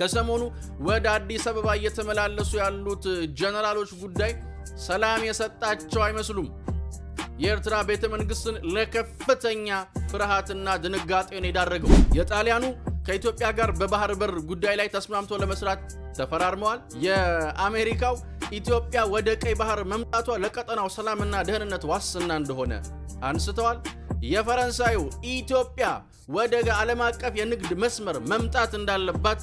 ከሰሞኑ ወደ አዲስ አበባ እየተመላለሱ ያሉት ጀነራሎች ጉዳይ ሰላም የሰጣቸው አይመስሉም። የኤርትራ ቤተ መንግስትን ለከፍተኛ ፍርሃትና ድንጋጤን የዳረገው የጣሊያኑ ከኢትዮጵያ ጋር በባህር በር ጉዳይ ላይ ተስማምቶ ለመስራት ተፈራርመዋል። የአሜሪካው ኢትዮጵያ ወደ ቀይ ባህር መምጣቷ ለቀጠናው ሰላምና ደህንነት ዋስና እንደሆነ አንስተዋል። የፈረንሳዩ ኢትዮጵያ ወደ ዓለም አቀፍ የንግድ መስመር መምጣት እንዳለባት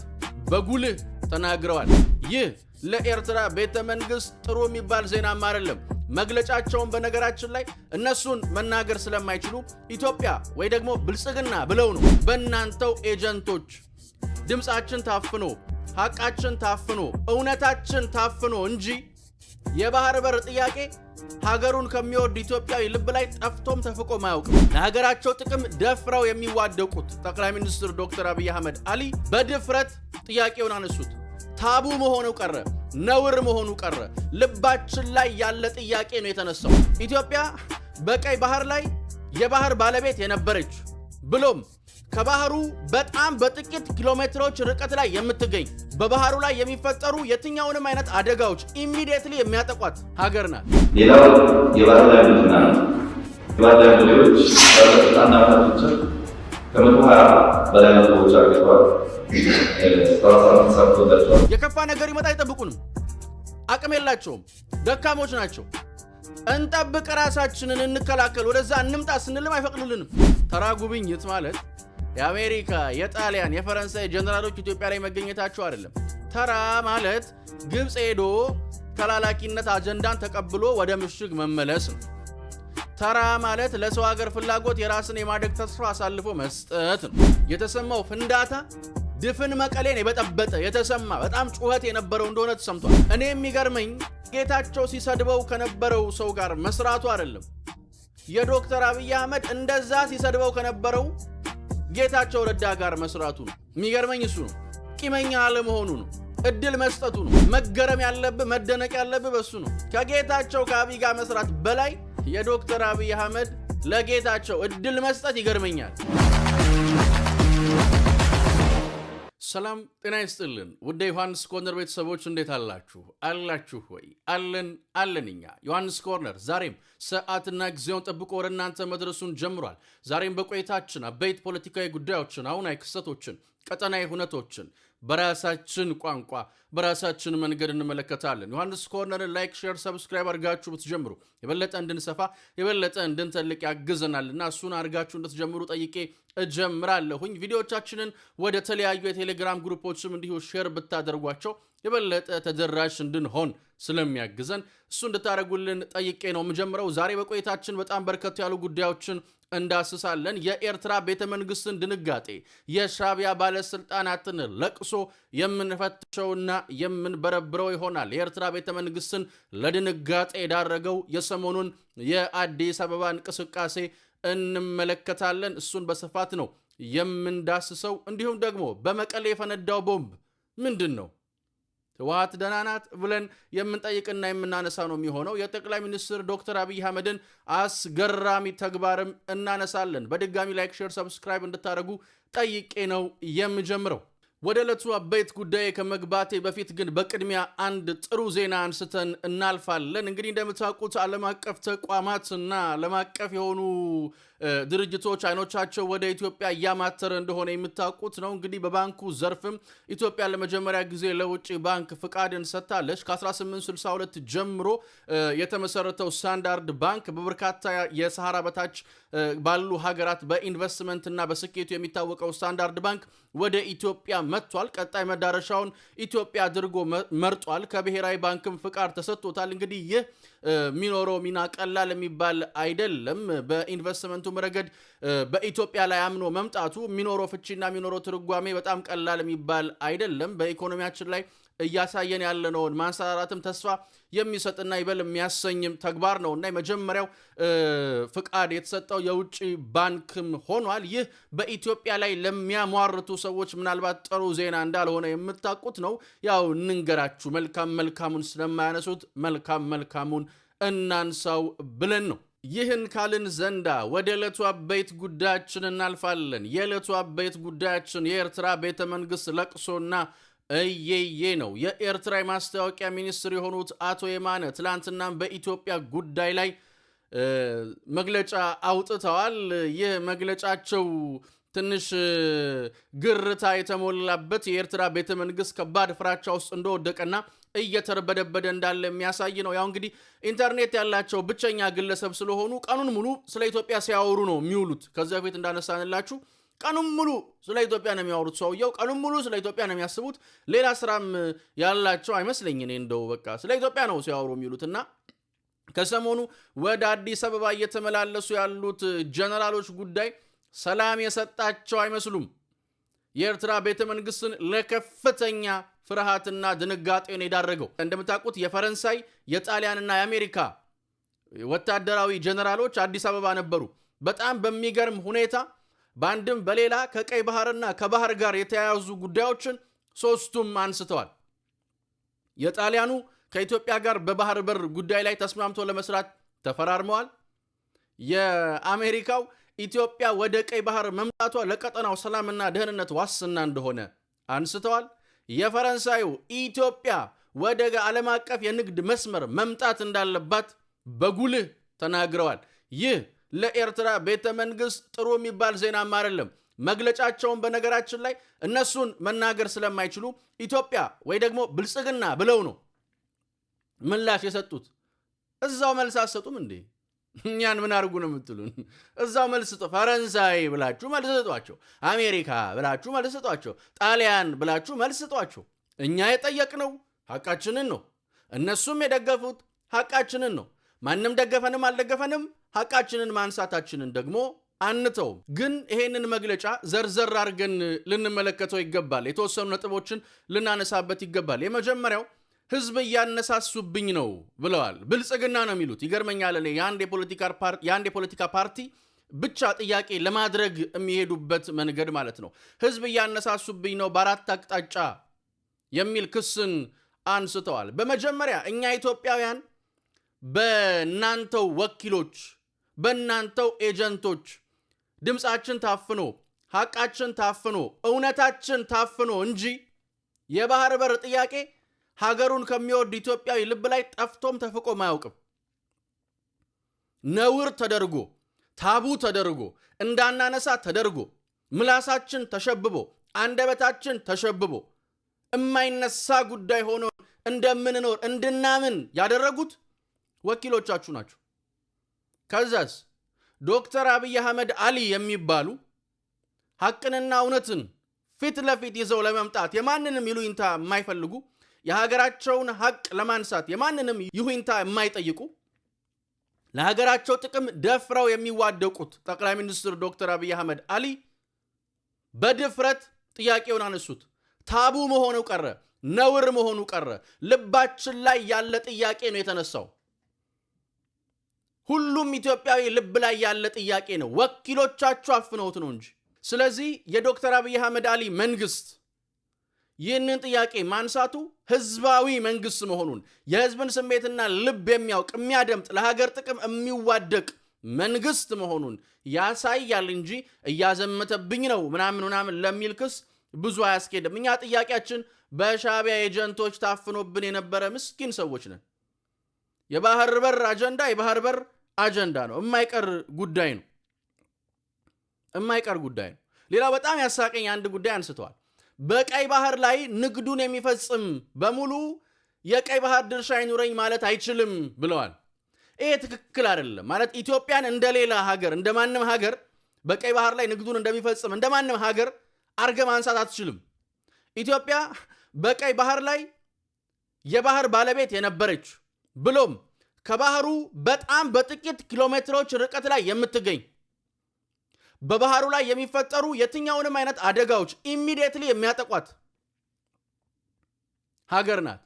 በጉልህ ተናግረዋል። ይህ ለኤርትራ ቤተ መንግስት ጥሩ የሚባል ዜናም አይደለም። መግለጫቸውን በነገራችን ላይ እነሱን መናገር ስለማይችሉ ኢትዮጵያ ወይ ደግሞ ብልጽግና ብለው ነው በእናንተው ኤጀንቶች ድምፃችን ታፍኖ ሐቃችን ታፍኖ እውነታችን ታፍኖ እንጂ የባህር በር ጥያቄ ሀገሩን ከሚወድ ኢትዮጵያዊ ልብ ላይ ጠፍቶም ተፍቆም አያውቅም። ለሀገራቸው ጥቅም ደፍረው የሚዋደቁት ጠቅላይ ሚኒስትር ዶክተር አብይ አህመድ አሊ በድፍረት ጥያቄውን አነሱት። ታቡ መሆኑ ቀረ፣ ነውር መሆኑ ቀረ። ልባችን ላይ ያለ ጥያቄ ነው የተነሳው። ኢትዮጵያ በቀይ ባህር ላይ የባህር ባለቤት የነበረች ብሎም ከባህሩ በጣም በጥቂት ኪሎ ሜትሮች ርቀት ላይ የምትገኝ በባህሩ ላይ የሚፈጠሩ የትኛውንም አይነት አደጋዎች ኢሚዲየትሊ የሚያጠቋት ሀገር ናት። ሌላው የባህር ላይ ነው። የባህር ላይ ልጆች ከመቶ ሀያ በላይ መቶዎች አግተዋል። የከፋ ነገር ይመጣ አይጠብቁንም። አቅም የላቸውም። ደካሞች ናቸው። እንጠብቅ፣ ራሳችንን እንከላከል፣ ወደዛ እንምጣ ስንልም አይፈቅድልንም። ተራ ጉብኝት ማለት የአሜሪካ፣ የጣሊያን፣ የፈረንሳይ ጀነራሎች ኢትዮጵያ ላይ መገኘታቸው አይደለም። ተራ ማለት ግብፅ ሄዶ ተላላኪነት አጀንዳን ተቀብሎ ወደ ምሽግ መመለስ ነው። ተራ ማለት ለሰው ሀገር ፍላጎት የራስን የማደግ ተስፋ አሳልፎ መስጠት ነው። የተሰማው ፍንዳታ ድፍን መቀሌን የበጠበጠ የተሰማ በጣም ጩኸት የነበረው እንደሆነ ተሰምቷል። እኔ የሚገርመኝ ጌታቸው ሲሰድበው ከነበረው ሰው ጋር መስራቱ አይደለም። የዶክተር አብይ አህመድ እንደዛ ሲሰድበው ከነበረው ጌታቸው ረዳ ጋር መስራቱ ነው። የሚገርመኝ እሱ ነው። ቂመኛ አለመሆኑ ነው። እድል መስጠቱ ነው። መገረም ያለብህ መደነቅ ያለብህ በሱ ነው። ከጌታቸው ከአብይ ጋር መስራት በላይ የዶክተር አብይ አህመድ ለጌታቸው እድል መስጠት ይገርመኛል። ሰላም ጤና ይስጥልን ውደ ዮሐንስ ኮርነር ቤተሰቦች እንዴት አላችሁ? አላችሁ ወይ? አለን አለን። እኛ ዮሐንስ ኮርነር ዛሬም ሰዓትና ጊዜውን ጠብቆ ወደ እናንተ መድረሱን ጀምሯል። ዛሬም በቆይታችን አበይት ፖለቲካዊ ጉዳዮችን፣ አሁናዊ ክስተቶችን፣ ቀጠናዊ ሁነቶችን በራሳችን ቋንቋ በራሳችን መንገድ እንመለከታለን። ዮሐንስ ኮርነርን ላይክ፣ ሼር፣ ሰብስክራይብ አድርጋችሁ ብትጀምሩ የበለጠ እንድንሰፋ የበለጠ እንድንተልቅ እና እሱን አድርጋችሁ እንድትጀምሩ ጠይቄ እጀምራለሁኝ። ቪዲዮዎቻችንን ወደ ተለያዩ የቴሌግራም ግሩፖችም እንዲሁ ሼር ብታደርጓቸው የበለጠ ተደራሽ እንድንሆን ስለሚያግዘን እሱ እንድታደርጉልን ጠይቄ ነው የምጀምረው። ዛሬ በቆይታችን በጣም በርከት ያሉ ጉዳዮችን እንዳስሳለን። የኤርትራ ቤተመንግስትን ድንጋጤ፣ የሻቢያ ባለስልጣናትን ለቅሶ የምንፈትሸውና የምንበረብረው ይሆናል። የኤርትራ ቤተመንግስትን ለድንጋጤ የዳረገው የሰሞኑን የአዲስ አበባ እንቅስቃሴ እንመለከታለን። እሱን በስፋት ነው የምንዳስሰው። እንዲሁም ደግሞ በመቀሌ የፈነዳው ቦምብ ምንድን ነው? ህወሓት ደህና ናት ብለን የምንጠይቅና የምናነሳ ነው የሚሆነው። የጠቅላይ ሚኒስትር ዶክተር አብይ አህመድን አስገራሚ ተግባርም እናነሳለን። በድጋሚ ላይክ፣ ሼር፣ ሰብስክራይብ እንድታደርጉ ጠይቄ ነው የምጀምረው። ወደ ዕለቱ አበይት ጉዳይ ከመግባቴ በፊት ግን በቅድሚያ አንድ ጥሩ ዜና አንስተን እናልፋለን። እንግዲህ እንደምታውቁት ዓለም አቀፍ ተቋማት እና ዓለም አቀፍ የሆኑ ድርጅቶች አይኖቻቸው ወደ ኢትዮጵያ እያማተረ እንደሆነ የምታውቁት ነው። እንግዲህ በባንኩ ዘርፍም ኢትዮጵያ ለመጀመሪያ ጊዜ ለውጭ ባንክ ፍቃድን ሰጥታለች። ከ1862 ጀምሮ የተመሰረተው ስታንዳርድ ባንክ በበርካታ የሰሃራ በታች ባሉ ሀገራት በኢንቨስትመንት እና በስኬቱ የሚታወቀው ስታንዳርድ ባንክ ወደ ኢትዮጵያ መጥቷል። ቀጣይ መዳረሻውን ኢትዮጵያ አድርጎ መርጧል። ከብሔራዊ ባንክም ፍቃድ ተሰጥቶታል። እንግዲህ ይህ የሚኖረው ሚና ቀላል የሚባል አይደለም። በኢንቨስትመንቱ በመመልከቱም ረገድ በኢትዮጵያ ላይ አምኖ መምጣቱ የሚኖረው ፍቺና የሚኖረው ትርጓሜ በጣም ቀላል የሚባል አይደለም። በኢኮኖሚያችን ላይ እያሳየን ያለነውን ማንሰራራትም ተስፋ የሚሰጥና ይበል የሚያሰኝም ተግባር ነው እና የመጀመሪያው ፍቃድ የተሰጠው የውጭ ባንክም ሆኗል። ይህ በኢትዮጵያ ላይ ለሚያሟርቱ ሰዎች ምናልባት ጥሩ ዜና እንዳልሆነ የምታውቁት ነው። ያው እንንገራችሁ፣ መልካም መልካሙን ስለማያነሱት መልካም መልካሙን እናንሳው ብለን ነው። ይህን ካልን ዘንዳ ወደ ዕለቱ አበይት ጉዳያችን እናልፋለን። የዕለቱ አበይት ጉዳያችን የኤርትራ ቤተ መንግሥት ለቅሶና እየዬ ነው። የኤርትራ የማስታወቂያ ሚኒስትር የሆኑት አቶ የማነ ትላንትናም በኢትዮጵያ ጉዳይ ላይ መግለጫ አውጥተዋል። ይህ መግለጫቸው ትንሽ ግርታ የተሞላበት የኤርትራ ቤተ መንግሥት ከባድ ፍራቻ ውስጥ እንደወደቀና እየተርበደበደ እንዳለ የሚያሳይ ነው። ያው እንግዲህ ኢንተርኔት ያላቸው ብቸኛ ግለሰብ ስለሆኑ ቀኑን ሙሉ ስለ ኢትዮጵያ ሲያወሩ ነው የሚውሉት። ከዚያ በፊት እንዳነሳንላችሁ ቀኑን ሙሉ ስለ ኢትዮጵያ ነው የሚያወሩት። ሰውየው ቀኑን ሙሉ ስለ ኢትዮጵያ ነው የሚያስቡት። ሌላ ስራም ያላቸው አይመስለኝ። እኔ እንደው በቃ ስለ ኢትዮጵያ ነው ሲያወሩ የሚውሉት እና ከሰሞኑ ወደ አዲስ አበባ እየተመላለሱ ያሉት ጀነራሎች ጉዳይ ሰላም የሰጣቸው አይመስሉም። የኤርትራ ቤተ መንግስትን ለከፍተኛ ፍርሃትና ድንጋጤን የዳረገው። እንደምታውቁት የፈረንሳይ የጣሊያንና የአሜሪካ ወታደራዊ ጀነራሎች አዲስ አበባ ነበሩ። በጣም በሚገርም ሁኔታ በአንድም በሌላ ከቀይ ባህርና ከባህር ጋር የተያያዙ ጉዳዮችን ሶስቱም አንስተዋል። የጣሊያኑ ከኢትዮጵያ ጋር በባህር በር ጉዳይ ላይ ተስማምቶ ለመስራት ተፈራርመዋል። የአሜሪካው ኢትዮጵያ ወደ ቀይ ባህር መምጣቷ ለቀጠናው ሰላምና ደህንነት ዋስና እንደሆነ አንስተዋል። የፈረንሳዩ ኢትዮጵያ ወደ ዓለም አቀፍ የንግድ መስመር መምጣት እንዳለባት በጉልህ ተናግረዋል። ይህ ለኤርትራ ቤተ መንግስት ጥሩ የሚባል ዜናም አይደለም። መግለጫቸውን በነገራችን ላይ እነሱን መናገር ስለማይችሉ ኢትዮጵያ ወይ ደግሞ ብልጽግና ብለው ነው ምላሽ የሰጡት። እዛው መልስ አትሰጡም እንዴ? እኛን ምን አድርጉ ነው የምትሉን? እዛው መልስ ፈረንሳይ ብላችሁ መልስ ስጧቸው። አሜሪካ ብላችሁ መልስ ስጧቸው። ጣሊያን ብላችሁ መልስ ስጧቸው። እኛ የጠየቅነው ሐቃችንን ነው። እነሱም የደገፉት ሐቃችንን ነው። ማንም ደገፈንም አልደገፈንም ሐቃችንን ማንሳታችንን ደግሞ አንተውም። ግን ይሄንን መግለጫ ዘርዘር አድርገን ልንመለከተው ይገባል። የተወሰኑ ነጥቦችን ልናነሳበት ይገባል። የመጀመሪያው ህዝብ እያነሳሱብኝ ነው ብለዋል። ብልጽግና ነው የሚሉት ይገርመኛል። እኔ የአንድ የፖለቲካ ፓርቲ ብቻ ጥያቄ ለማድረግ የሚሄዱበት መንገድ ማለት ነው። ህዝብ እያነሳሱብኝ ነው በአራት አቅጣጫ የሚል ክስን አንስተዋል። በመጀመሪያ እኛ ኢትዮጵያውያን በእናንተው ወኪሎች፣ በእናንተው ኤጀንቶች ድምፃችን ታፍኖ፣ ሐቃችን ታፍኖ፣ እውነታችን ታፍኖ እንጂ የባህር በር ጥያቄ ሀገሩን ከሚወድ ኢትዮጵያዊ ልብ ላይ ጠፍቶም ተፍቆም አያውቅም። ነውር ተደርጎ ታቡ ተደርጎ እንዳናነሳ ተደርጎ ምላሳችን ተሸብቦ አንደበታችን ተሸብቦ እማይነሳ ጉዳይ ሆኖ እንደምንኖር እንድናምን ያደረጉት ወኪሎቻችሁ ናቸው። ከዛስ ዶክተር አብይ አህመድ አሊ የሚባሉ ሀቅንና እውነትን ፊት ለፊት ይዘው ለመምጣት የማንንም ይሉኝታ የማይፈልጉ የሀገራቸውን ሀቅ ለማንሳት የማንንም ይሁንታ የማይጠይቁ ለሀገራቸው ጥቅም ደፍረው የሚዋደቁት ጠቅላይ ሚኒስትር ዶክተር አብይ አህመድ አሊ በድፍረት ጥያቄውን አነሱት። ታቡ መሆኑ ቀረ፣ ነውር መሆኑ ቀረ። ልባችን ላይ ያለ ጥያቄ ነው የተነሳው። ሁሉም ኢትዮጵያዊ ልብ ላይ ያለ ጥያቄ ነው። ወኪሎቻችሁ አፍነውት ነው እንጂ። ስለዚህ የዶክተር አብይ አህመድ አሊ መንግስት ይህንን ጥያቄ ማንሳቱ ህዝባዊ መንግስት መሆኑን የህዝብን ስሜትና ልብ የሚያውቅ የሚያደምጥ፣ ለሀገር ጥቅም የሚዋደቅ መንግስት መሆኑን ያሳያል እንጂ እያዘመተብኝ ነው ምናምን ምናምን ለሚል ክስ ብዙ አያስኬድም። እኛ ጥያቄያችን በሻቢያ ኤጀንቶች ታፍኖብን የነበረ ምስኪን ሰዎች ነን። የባህር በር አጀንዳ የባህር በር አጀንዳ ነው፣ የማይቀር ጉዳይ ነው፣ የማይቀር ጉዳይ ነው። ሌላው በጣም ያሳቀኝ አንድ ጉዳይ አንስተዋል። በቀይ ባህር ላይ ንግዱን የሚፈጽም በሙሉ የቀይ ባህር ድርሻ አይኑረኝ ማለት አይችልም ብለዋል። ይሄ ትክክል አይደለም። ማለት ኢትዮጵያን እንደሌላ ሀገር እንደ ማንም ሀገር በቀይ ባህር ላይ ንግዱን እንደሚፈጽም እንደ ማንም ሀገር አርገ ማንሳት አትችልም። ኢትዮጵያ በቀይ ባህር ላይ የባህር ባለቤት የነበረች ብሎም ከባህሩ በጣም በጥቂት ኪሎ ሜትሮች ርቀት ላይ የምትገኝ በባህሩ ላይ የሚፈጠሩ የትኛውንም አይነት አደጋዎች ኢሚዲየትሊ የሚያጠቋት ሀገር ናት።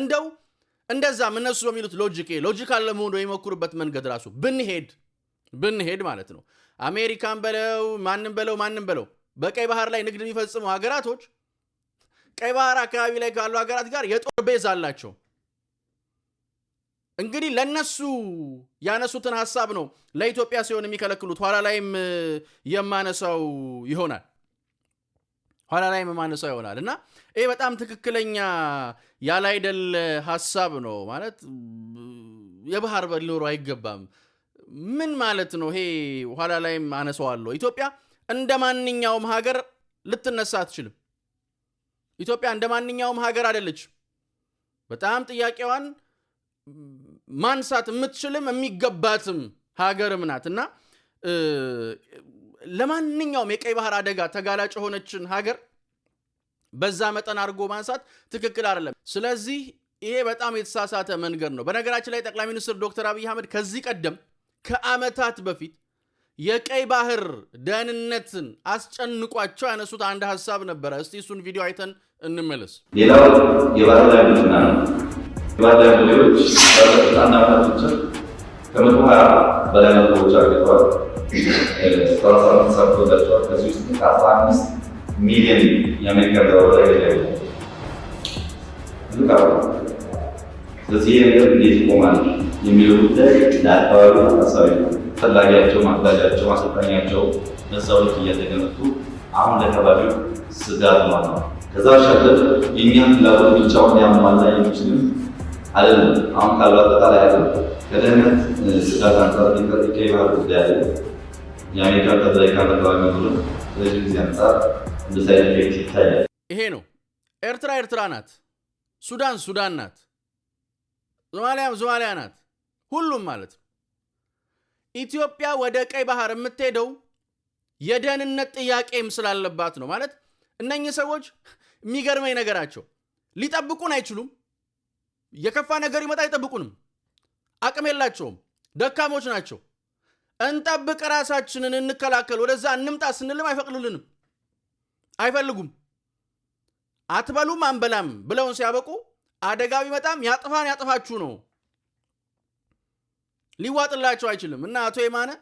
እንደው እንደዛም እነሱ በሚሉት ሎጂክ ሎጂካል ለመሆኑ የሚሞክሩበት መንገድ ራሱ ብንሄድ ብንሄድ ማለት ነው አሜሪካን በለው ማንም በለው ማንም በለው በቀይ ባህር ላይ ንግድ የሚፈጽሙ ሀገራቶች ቀይ ባህር አካባቢ ላይ ካሉ ሀገራት ጋር የጦር ቤዝ አላቸው። እንግዲህ ለነሱ ያነሱትን ሀሳብ ነው ለኢትዮጵያ ሲሆን የሚከለክሉት። ኋላ ላይም የማነሳው ይሆናል ኋላ ላይም የማነሳው ይሆናል እና ይህ በጣም ትክክለኛ ያላይደል ሀሳብ ነው። ማለት የባህር በር ሊኖረው አይገባም። ምን ማለት ነው? ይሄ ኋላ ላይም አነሳዋለሁ። ኢትዮጵያ እንደ ማንኛውም ሀገር ልትነሳ አትችልም። ኢትዮጵያ እንደ ማንኛውም ሀገር አይደለችም። በጣም ጥያቄዋን ማንሳት የምትችልም የሚገባትም ሀገርም ናት እና ለማንኛውም የቀይ ባህር አደጋ ተጋላጭ የሆነችን ሀገር በዛ መጠን አድርጎ ማንሳት ትክክል አይደለም። ስለዚህ ይሄ በጣም የተሳሳተ መንገድ ነው። በነገራችን ላይ ጠቅላይ ሚኒስትር ዶክተር አብይ አህመድ ከዚህ ቀደም ከአመታት በፊት የቀይ ባህር ደህንነትን አስጨንቋቸው ያነሱት አንድ ሀሳብ ነበረ። እስቲ እሱን ቪዲዮ አይተን እንመለስ። ሌላው የባህር ላይ ነው ባለሙያዎች ባለስልጣና ናቶችን ከመቶ ሀያ በላይ መቶዎች አግኝተዋል። ሰላሳ አምስት ሰርቶላቸዋል። ከዚህ ውስጥ ከአስራ አምስት ሚሊዮን የአሜሪካ ዶላር ላይ ገዳይ ልቃ ስለዚህ ይህ ነገር እንዴት ይቆማል የሚለው ጉዳይ ለአካባቢ አሳቢ ነው። ፈላጊያቸው፣ ማግዳጃቸው፣ ማሰልጠኛቸው በዛው ልክ እያደገመጡ አሁን ለአካባቢው ስጋት ማለት ነው። ከዛ ሸገር የእኛ ፍላጎት ብቻውን ያሟላ የሚችልም አይደለም። አሁን ካለው አጠቃላይ ያለው ከደህንነት ስጋት አንጻር ጉዳይ አለ። የአሜሪካ ካለባዊ ጊዜ አንጻር ይታያል። ይሄ ነው ኤርትራ ኤርትራ ናት፣ ሱዳን ሱዳን ናት፣ ሶማሊያም ሶማሊያ ናት። ሁሉም ማለት ነው። ኢትዮጵያ ወደ ቀይ ባህር የምትሄደው የደህንነት ጥያቄም ስላለባት ነው ማለት እነኚህ ሰዎች የሚገርመኝ ነገራቸው ሊጠብቁን አይችሉም። የከፋ ነገር ይመጣ አይጠብቁንም። አቅም የላቸውም። ደካሞች ናቸው። እንጠብቅ፣ ራሳችንን እንከላከል፣ ወደዛ እንምጣ ስንልም አይፈቅዱልንም፣ አይፈልጉም። አትበሉም አንበላም ብለውን ሲያበቁ አደጋ ቢመጣም ያጥፋን ያጥፋችሁ ነው፣ ሊዋጥላቸው አይችልም። እና አቶ የማነ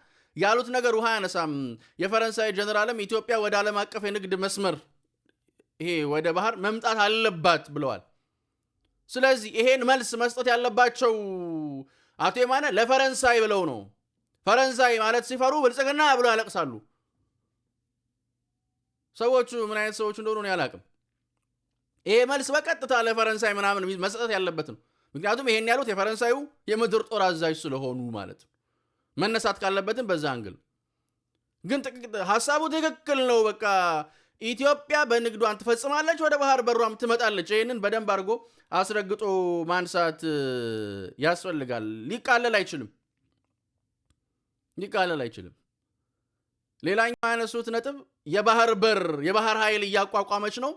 ያሉት ነገር ውሃ ያነሳም። የፈረንሳይ ጀኔራልም ኢትዮጵያ ወደ ዓለም አቀፍ የንግድ መስመር ይሄ ወደ ባህር መምጣት አለባት ብለዋል። ስለዚህ ይሄን መልስ መስጠት ያለባቸው አቶ የማነ ለፈረንሳይ ብለው ነው። ፈረንሳይ ማለት ሲፈሩ ብልጽግና ብለው ያለቅሳሉ። ሰዎቹ ምን አይነት ሰዎች እንደሆኑ እኔ አላቅም። ይሄ መልስ በቀጥታ ለፈረንሳይ ምናምን መሰጠት ያለበት ነው። ምክንያቱም ይሄን ያሉት የፈረንሳዩ የምድር ጦር አዛዥ ስለሆኑ ማለት መነሳት ካለበትም በዛ አንግል ግን ሀሳቡ ትክክል ነው። በቃ ኢትዮጵያ በንግዷን ትፈጽማለች፣ ወደ ባህር በሯም ትመጣለች። ይህንን በደንብ አድርጎ አስረግጦ ማንሳት ያስፈልጋል። ሊቃለል አይችልም፣ ሊቃለል አይችልም። ሌላኛው ያነሱት ነጥብ የባህር በር የባህር ኃይል እያቋቋመች ነው።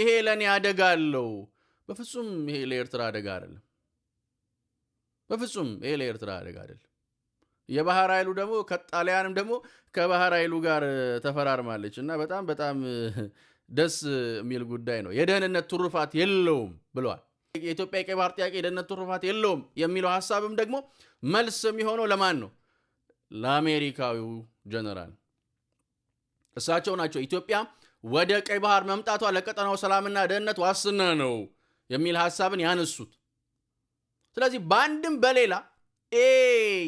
ይሄ ለእኔ አደጋ አለው። በፍጹም ይሄ ለኤርትራ አደጋ አይደለም። በፍጹም ይሄ ለኤርትራ አደጋ አይደለም። የባህር ኃይሉ ደግሞ ከጣሊያንም ደግሞ ከባህር ኃይሉ ጋር ተፈራርማለች እና በጣም በጣም ደስ የሚል ጉዳይ ነው። የደህንነት ትሩፋት የለውም ብለዋል። የኢትዮጵያ የቀይ ባህር ጥያቄ የደህንነት ትሩፋት የለውም የሚለው ሀሳብም ደግሞ መልስ የሚሆነው ለማን ነው? ለአሜሪካዊው ጀነራል። እሳቸው ናቸው ኢትዮጵያ ወደ ቀይ ባህር መምጣቷ ለቀጠናው ሰላምና ደህንነት ዋስና ነው የሚል ሀሳብን ያነሱት። ስለዚህ በአንድም በሌላ ኤ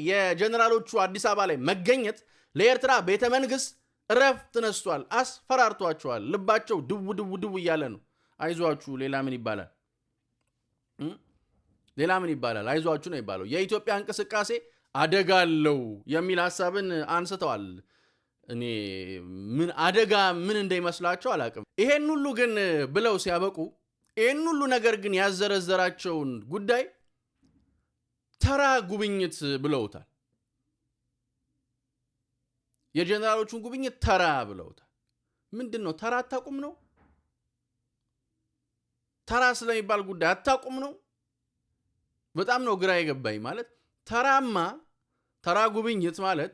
የጀኔራሎቹ አዲስ አበባ ላይ መገኘት ለኤርትራ ቤተ መንግስት እረፍት ነስቷል፣ አስፈራርቷቸዋል። ልባቸው ድው ድው ድው እያለ ነው። አይዟችሁ፣ ሌላ ምን ይባላል? ሌላ ምን ይባላል? አይዟችሁ ነው ይባለው። የኢትዮጵያ እንቅስቃሴ አደጋ አለው የሚል ሀሳብን አንስተዋል። እኔ ምን አደጋ ምን እንደይመስላቸው አላቅም። ይሄን ሁሉ ግን ብለው ሲያበቁ ይህን ሁሉ ነገር ግን ያዘረዘራቸውን ጉዳይ ተራ ጉብኝት ብለውታል። የጀነራሎቹን ጉብኝት ተራ ብለውታል። ምንድን ነው ተራ አታቁም ነው? ተራ ስለሚባል ጉዳይ አታቁም ነው? በጣም ነው ግራ የገባኝ። ማለት ተራማ ተራ ጉብኝት ማለት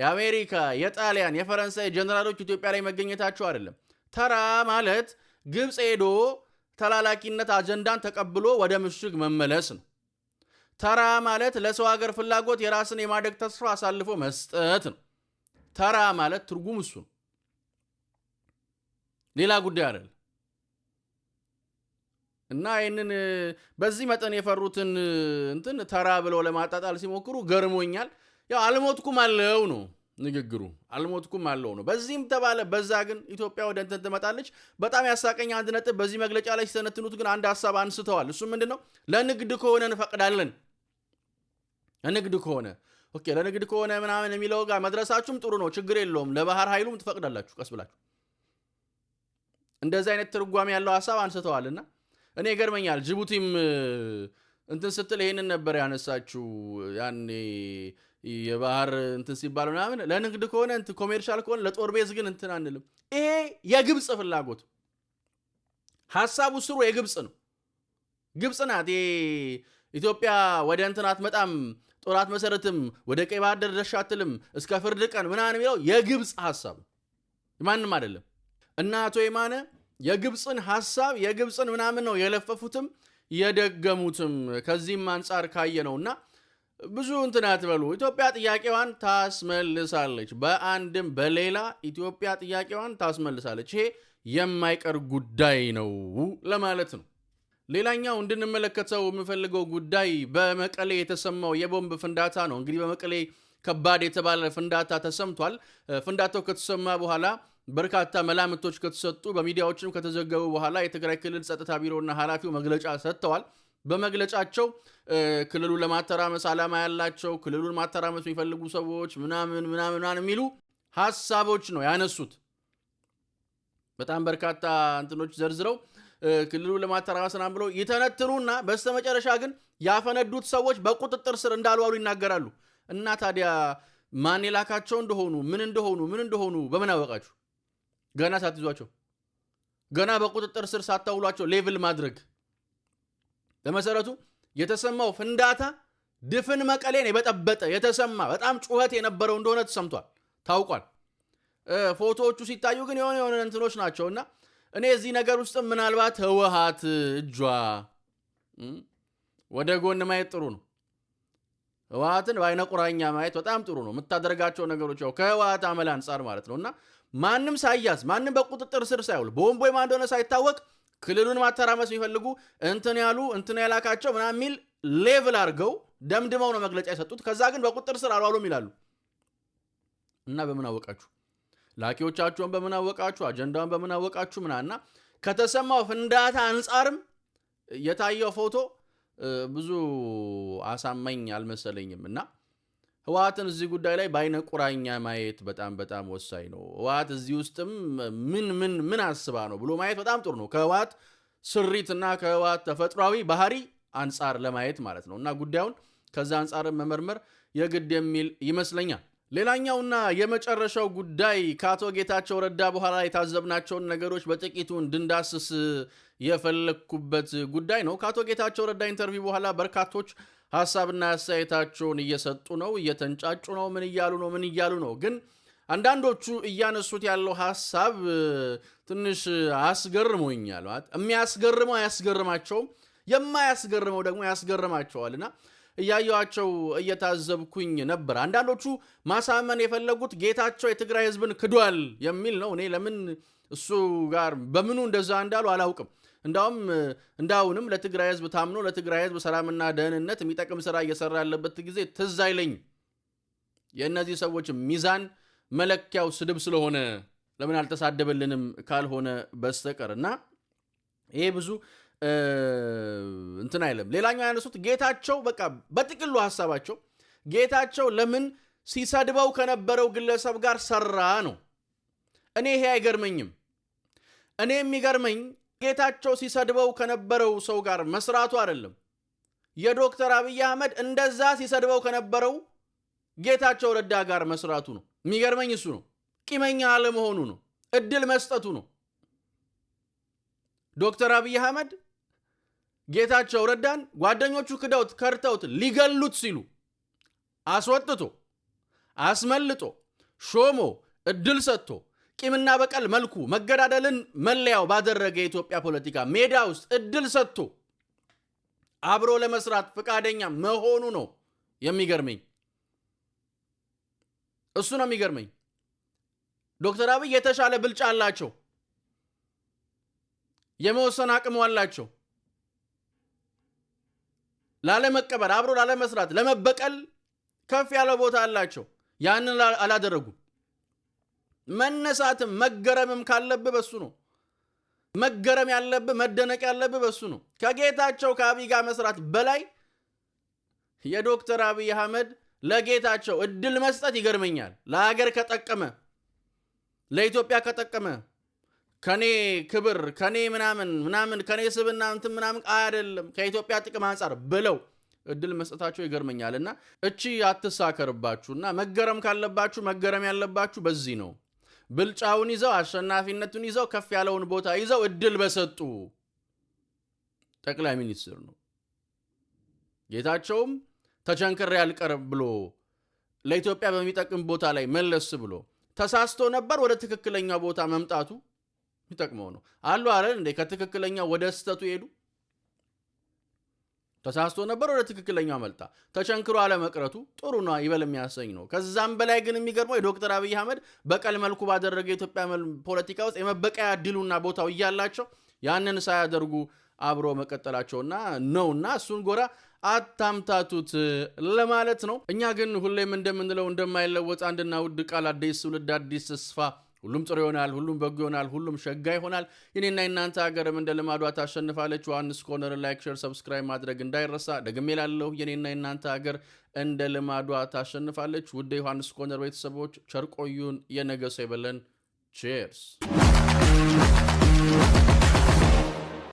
የአሜሪካ፣ የጣሊያን፣ የፈረንሳይ ጀነራሎች ኢትዮጵያ ላይ መገኘታቸው አይደለም። ተራ ማለት ግብፅ ሄዶ ተላላኪነት አጀንዳን ተቀብሎ ወደ ምሽግ መመለስ ነው። ተራ ማለት ለሰው ሀገር ፍላጎት የራስን የማደግ ተስፋ አሳልፎ መስጠት ነው። ተራ ማለት ትርጉም እሱ ነው፣ ሌላ ጉዳይ አይደለም። እና ይህንን በዚህ መጠን የፈሩትን እንትን ተራ ብለው ለማጣጣል ሲሞክሩ ገርሞኛል። ያው አልሞትኩም አለው ነው ንግግሩ፣ አልሞትኩም አለው ነው። በዚህም ተባለ በዛ ግን ኢትዮጵያ ወደ እንትን ትመጣለች። በጣም ያሳቀኝ አንድ ነጥብ በዚህ መግለጫ ላይ ሲተነትኑት ግን አንድ ሀሳብ አንስተዋል። እሱ ምንድን ነው? ለንግድ ከሆነ እንፈቅዳለን ለንግድ ከሆነ ኦኬ፣ ለንግድ ከሆነ ምናምን የሚለው ጋር መድረሳችሁም ጥሩ ነው፣ ችግር የለውም። ለባህር ኃይሉም ትፈቅዳላችሁ ቀስ ብላችሁ። እንደዚህ አይነት ትርጓሜ ያለው ሀሳብ አንስተዋልና እኔ ይገርመኛል። ጅቡቲም እንትን ስትል ይሄንን ነበር ያነሳችው ያኔ የባህር እንትን ሲባል ምናምን ለንግድ ከሆነ እንትን ኮሜርሻል ከሆነ ለጦር ቤዝ ግን እንትን አንልም። ይሄ የግብፅ ፍላጎት ሀሳቡ ስሩ የግብፅ ነው። ግብፅ ናት ኢትዮጵያ ወደ እንትን አትመጣም ጦር አትመሰረትም፣ ወደ ቀይ ባህር ድረስ አትልም፣ እስከ ፍርድ ቀን ምናምን የሚለው የግብፅ ሀሳብ ማንም አይደለም። እና አቶ የማነ የግብፅን ሀሳብ የግብፅን ምናምን ነው የለፈፉትም የደገሙትም። ከዚህም አንጻር ካየ እና ብዙ እንትን አትበሉ። ኢትዮጵያ ጥያቄዋን ታስመልሳለች። በአንድም በሌላ ኢትዮጵያ ጥያቄዋን ታስመልሳለች። ይሄ የማይቀር ጉዳይ ነው ለማለት ነው። ሌላኛው እንድንመለከተው የምፈልገው ጉዳይ በመቀሌ የተሰማው የቦምብ ፍንዳታ ነው። እንግዲህ በመቀሌ ከባድ የተባለ ፍንዳታ ተሰምቷል። ፍንዳታው ከተሰማ በኋላ በርካታ መላምቶች ከተሰጡ በሚዲያዎችም ከተዘገቡ በኋላ የትግራይ ክልል ጸጥታ ቢሮና ኃላፊው መግለጫ ሰጥተዋል። በመግለጫቸው ክልሉን ለማተራመስ ዓላማ ያላቸው ክልሉን ማተራመስ የሚፈልጉ ሰዎች ምናምን ምናምን ምናምን የሚሉ ሀሳቦች ነው ያነሱት። በጣም በርካታ እንትኖች ዘርዝረው ክልሉ ለማተራራስ ናም ብለው ይተነትኑና በስተመጨረሻ ግን ያፈነዱት ሰዎች በቁጥጥር ስር እንዳልዋሉ ይናገራሉ። እና ታዲያ ማን የላካቸው እንደሆኑ ምን እንደሆኑ ምን እንደሆኑ በምን አወቃችሁ? ገና ሳትይዟቸው፣ ገና በቁጥጥር ስር ሳታውሏቸው ሌቭል ማድረግ። በመሰረቱ የተሰማው ፍንዳታ ድፍን መቀሌን የበጠበጠ የተሰማ በጣም ጩኸት የነበረው እንደሆነ ተሰምቷል፣ ታውቋል። ፎቶዎቹ ሲታዩ ግን የሆነ የሆነ እንትኖች ናቸው እና እኔ እዚህ ነገር ውስጥ ምናልባት ህውሃት እጇ ወደ ጎን ማየት ጥሩ ነው። ህውሃትን በአይነ ቁራኛ ማየት በጣም ጥሩ ነው። የምታደርጋቸው ነገሮች ያው ከህወሓት አመል አንጻር ማለት ነው እና ማንም ሳያዝ ማንም በቁጥጥር ስር ሳይውል ቦምቦይ ማን እንደሆነ ሳይታወቅ ክልሉን ማተራመስ የሚፈልጉ እንትን ያሉ እንትን ያላካቸው ምናምን የሚል ሌቭል አድርገው ደምድመው ነው መግለጫ የሰጡት። ከዛ ግን በቁጥጥር ስር አልዋሉም ይላሉ እና በምን አወቃችሁ? ላኪዎቻችሁን በምናወቃችሁ አጀንዳውን በምናወቃችሁ ምናና ከተሰማው ፍንዳታ አንጻርም የታየው ፎቶ ብዙ አሳማኝ አልመሰለኝም እና ህወሓትን እዚህ ጉዳይ ላይ በአይነ ቁራኛ ማየት በጣም በጣም ወሳኝ ነው። ህወሓት እዚህ ውስጥም ምን ምን ምን አስባ ነው ብሎ ማየት በጣም ጥሩ ነው። ከህወሓት ስሪትና ከህወሓት ተፈጥሯዊ ባህሪ አንጻር ለማየት ማለት ነው እና ጉዳዩን ከዛ አንጻር መመርመር የግድ የሚል ይመስለኛል። ሌላኛውና የመጨረሻው ጉዳይ ከአቶ ጌታቸው ረዳ በኋላ የታዘብናቸውን ነገሮች በጥቂቱ እንድንዳስስ የፈለግኩበት ጉዳይ ነው። ከአቶ ጌታቸው ረዳ ኢንተርቪው በኋላ በርካቶች ሀሳብና አስተያየታቸውን እየሰጡ ነው፣ እየተንጫጩ ነው። ምን እያሉ ነው? ምን እያሉ ነው? ግን አንዳንዶቹ እያነሱት ያለው ሀሳብ ትንሽ አስገርሞኛል። የሚያስገርመው አያስገርማቸውም፣ የማያስገርመው ደግሞ ያስገርማቸዋልና እያየኋቸው እየታዘብኩኝ ነበር። አንዳንዶቹ ማሳመን የፈለጉት ጌታቸው የትግራይ ህዝብን ክዷል የሚል ነው። እኔ ለምን እሱ ጋር በምኑ እንደዛ እንዳሉ አላውቅም። እንዳውም እንዳሁንም ለትግራይ ህዝብ ታምኖ ለትግራይ ህዝብ ሰላምና ደህንነት የሚጠቅም ስራ እየሰራ ያለበት ጊዜ ትዝ አይለኝ። የእነዚህ ሰዎች ሚዛን መለኪያው ስድብ ስለሆነ ለምን አልተሳደበልንም ካልሆነ በስተቀር እና ይሄ ብዙ እንትን አይለም። ሌላኛው ያነሱት ጌታቸው በቃ በጥቅሉ ሀሳባቸው ጌታቸው ለምን ሲሰድበው ከነበረው ግለሰብ ጋር ሰራ ነው። እኔ ይሄ አይገርመኝም። እኔ የሚገርመኝ ጌታቸው ሲሰድበው ከነበረው ሰው ጋር መስራቱ አይደለም። የዶክተር አብይ አህመድ እንደዛ ሲሰድበው ከነበረው ጌታቸው ረዳ ጋር መስራቱ ነው የሚገርመኝ። እሱ ነው ቂመኛ አለመሆኑ ነው፣ እድል መስጠቱ ነው ዶክተር አብይ አህመድ ጌታቸው ረዳን ጓደኞቹ ክደውት ከርተውት ሊገሉት ሲሉ አስወጥቶ አስመልጦ ሾሞ እድል ሰጥቶ ቂምና በቀል መልኩ መገዳደልን መለያው ባደረገ የኢትዮጵያ ፖለቲካ ሜዳ ውስጥ እድል ሰጥቶ አብሮ ለመስራት ፈቃደኛ መሆኑ ነው የሚገርመኝ። እሱ ነው የሚገርመኝ። ዶክተር አብይ የተሻለ ብልጫ አላቸው፣ የመወሰን አቅሙ አላቸው። ላለመቀበል፣ አብሮ ላለመስራት፣ ለመበቀል ከፍ ያለ ቦታ አላቸው። ያንን አላደረጉም። መነሳትም መገረምም ካለብህ በሱ ነው። መገረም ያለብህ መደነቅ ያለብህ በሱ ነው። ከጌታቸው ከአብይ ጋር መስራት በላይ የዶክተር አብይ አህመድ ለጌታቸው እድል መስጠት ይገርመኛል። ለሀገር ከጠቀመ ለኢትዮጵያ ከጠቀመ ከኔ ክብር ከኔ ምናምን ምናምን ከኔ ስብና እንትን ምናምን አይደለም ከኢትዮጵያ ጥቅም አንጻር ብለው እድል መስጠታቸው ይገርመኛል። እና እቺ አትሳከርባችሁ እና መገረም ካለባችሁ መገረም ያለባችሁ በዚህ ነው። ብልጫውን ይዘው አሸናፊነቱን ይዘው ከፍ ያለውን ቦታ ይዘው እድል በሰጡ ጠቅላይ ሚኒስትር ነው። ጌታቸውም ተቸንክሬ አልቀርም ብሎ ለኢትዮጵያ በሚጠቅም ቦታ ላይ መለስ ብሎ ተሳስቶ ነበር። ወደ ትክክለኛው ቦታ መምጣቱ የሚጠቅመው ነው አሉ አለ እንዴ ከትክክለኛ ወደ ስህተቱ ሄዱ ተሳስቶ ነበር ወደ ትክክለኛው መልጣ ተቸንክሮ አለመቅረቱ ጥሩ ነው ይበል የሚያሰኝ ነው ከዛም በላይ ግን የሚገርመው የዶክተር አብይ አህመድ በቀል መልኩ ባደረገ የኢትዮጵያ ፖለቲካ ውስጥ የመበቀያ ድሉና ቦታው እያላቸው ያንን ሳያደርጉ አብሮ መቀጠላቸውና ነውና እሱን ጎራ አታምታቱት ለማለት ነው እኛ ግን ሁሌም እንደምንለው እንደማይለወጥ አንድና ውድ ቃል አዲስ ትውልድ አዲስ ተስፋ ሁሉም ጥሩ ይሆናል፣ ሁሉም በጎ ይሆናል፣ ሁሉም ሸጋ ይሆናል። የኔና የናንተ ሀገርም እንደ ልማዷ ታሸንፋለች። ዮሐንስ ኮርነር ላይክ፣ ሼር፣ ሰብስክራይብ ማድረግ እንዳይረሳ። ደግሜ ላለሁ የኔና የናንተ ሀገር እንደ ልማዷ ታሸንፋለች። ውድ ዮሐንስ ኮርነር ቤተሰቦች ቸርቆዩን የነገሰ ሰው ይበለን። ቼርስ